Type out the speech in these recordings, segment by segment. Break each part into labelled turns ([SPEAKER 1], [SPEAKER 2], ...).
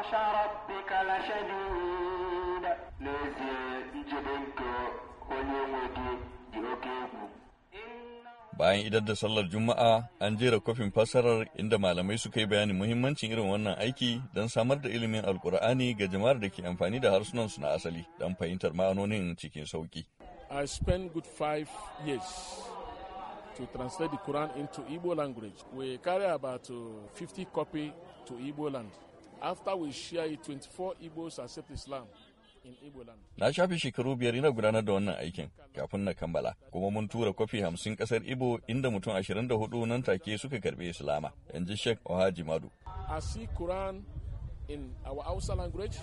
[SPEAKER 1] بطش ربك لشديد نزي جبنك
[SPEAKER 2] bayan idar da sallar juma'a an jera kofin fassarar inda malamai suka yi bayanin muhimmancin irin wannan aiki don samar da ilimin alkur'ani ga jama'ar da ke amfani da harsunan suna na asali don fahimtar ma'anonin cikin sauki
[SPEAKER 1] i spent good five years to translate the quran into igbo language we carry about 50 uh, copy to igbo land After we share it, 24 Igbos accept Islam. Na
[SPEAKER 2] shafi shekaru biyar ina gudanar da wannan aikin kafin na kammala, kuma mun tura kwafi hamsin kasar Ibo inda mutum ashirin da hudu nan take suka karbe Islama, inji shek Sheikh Ohaji Madu.
[SPEAKER 1] I see Quran in our Hausa language,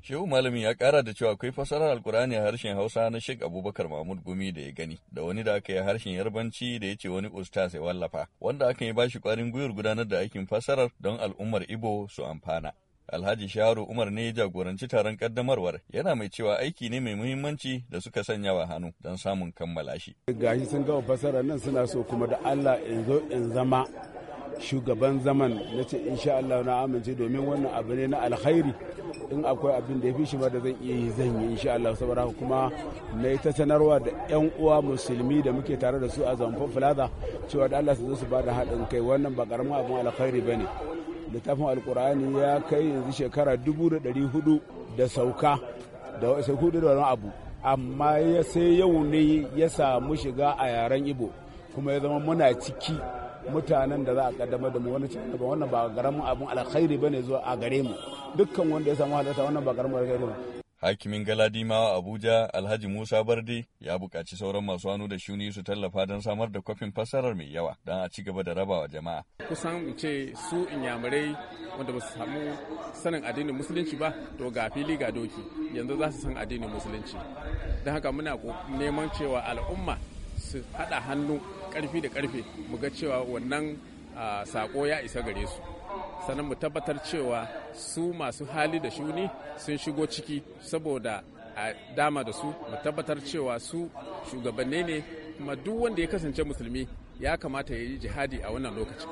[SPEAKER 2] Shehu malami ya kara da cewa akwai fasarar Alkur'ani a harshen Hausa na Sheikh Abubakar Mahmud Gumi da ya gani, da wani da aka yi harshen Yarbanci da ya ce wani usta sai wallafa, wanda aka yi bashi kwarin gwiwar gudanar da aikin fasarar don al'ummar Ibo su amfana. Alhaji Shaharu Umar ne ya jagoranci taron kaddamarwar yana mai cewa aiki ne mai muhimmanci da suka sanya wa hannu don samun kammala shi.
[SPEAKER 3] Gashi sun gama fasarar nan suna so kuma da Allah in zo in zama shugaban zaman na ce insha Allah na amince domin wannan abu ne na alkhairi in akwai abin da ya fi shi ma da zan iya yi zan yi insha Allah saboda kuma na yi ta sanarwa da yan uwa musulmi da muke tare da su a Zamfo fulaza cewa da Allah su zo su ba da haɗin kai wannan ba karamin abin alkhairi bane littafin alkur'ani ya kai yanzu shekara dubu da ɗari hudu da sauka da sai hudu da wani abu amma sai yau ne ya samu shiga a yaren ibo kuma ya zama muna ciki mutanen da za a kaddamar da mu wani cikin ba wannan ba garamin abun alkhairi bane zuwa a gare mu dukkan wanda ya samu halarta wannan ba garamin alkhairi ba
[SPEAKER 2] Hakimin Galadimawa Abuja Alhaji Musa Barde ya buƙaci sauran masu hannu da shuni su tallafa don samar da kwafin fassarar mai yawa don a ci gaba da rabawa jama'a.
[SPEAKER 4] Kusan in ce su inyamurai wanda ba su samu sanin addinin musulunci ba to ga fili ga doki yanzu za su san addinin musulunci. Don haka muna neman cewa al'umma su haɗa hannu ƙarfi da ƙarfe mu ga cewa wannan sako ya isa gare su sannan mu tabbatar cewa su masu hali da shuni sun shigo ciki saboda a dama da su mu tabbatar cewa su shugabanni ne kuma duk wanda ya kasance musulmi ya kamata ya yi jihadi a wannan lokaci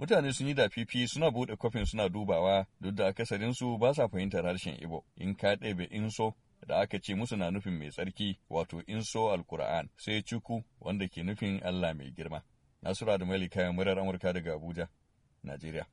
[SPEAKER 2] mutane sun yi da fifi suna buɗe kofin suna dubawa duk da akasarinsu ba sa fahimtar harshen ibo in ka ɗebe in so. da aka ce musu na nufin mai tsarki wato inso so alkur'an sai cuku wanda ke nufin Allah mai girma. Nasura da Malika murar Amurka daga Abuja, Najeriya.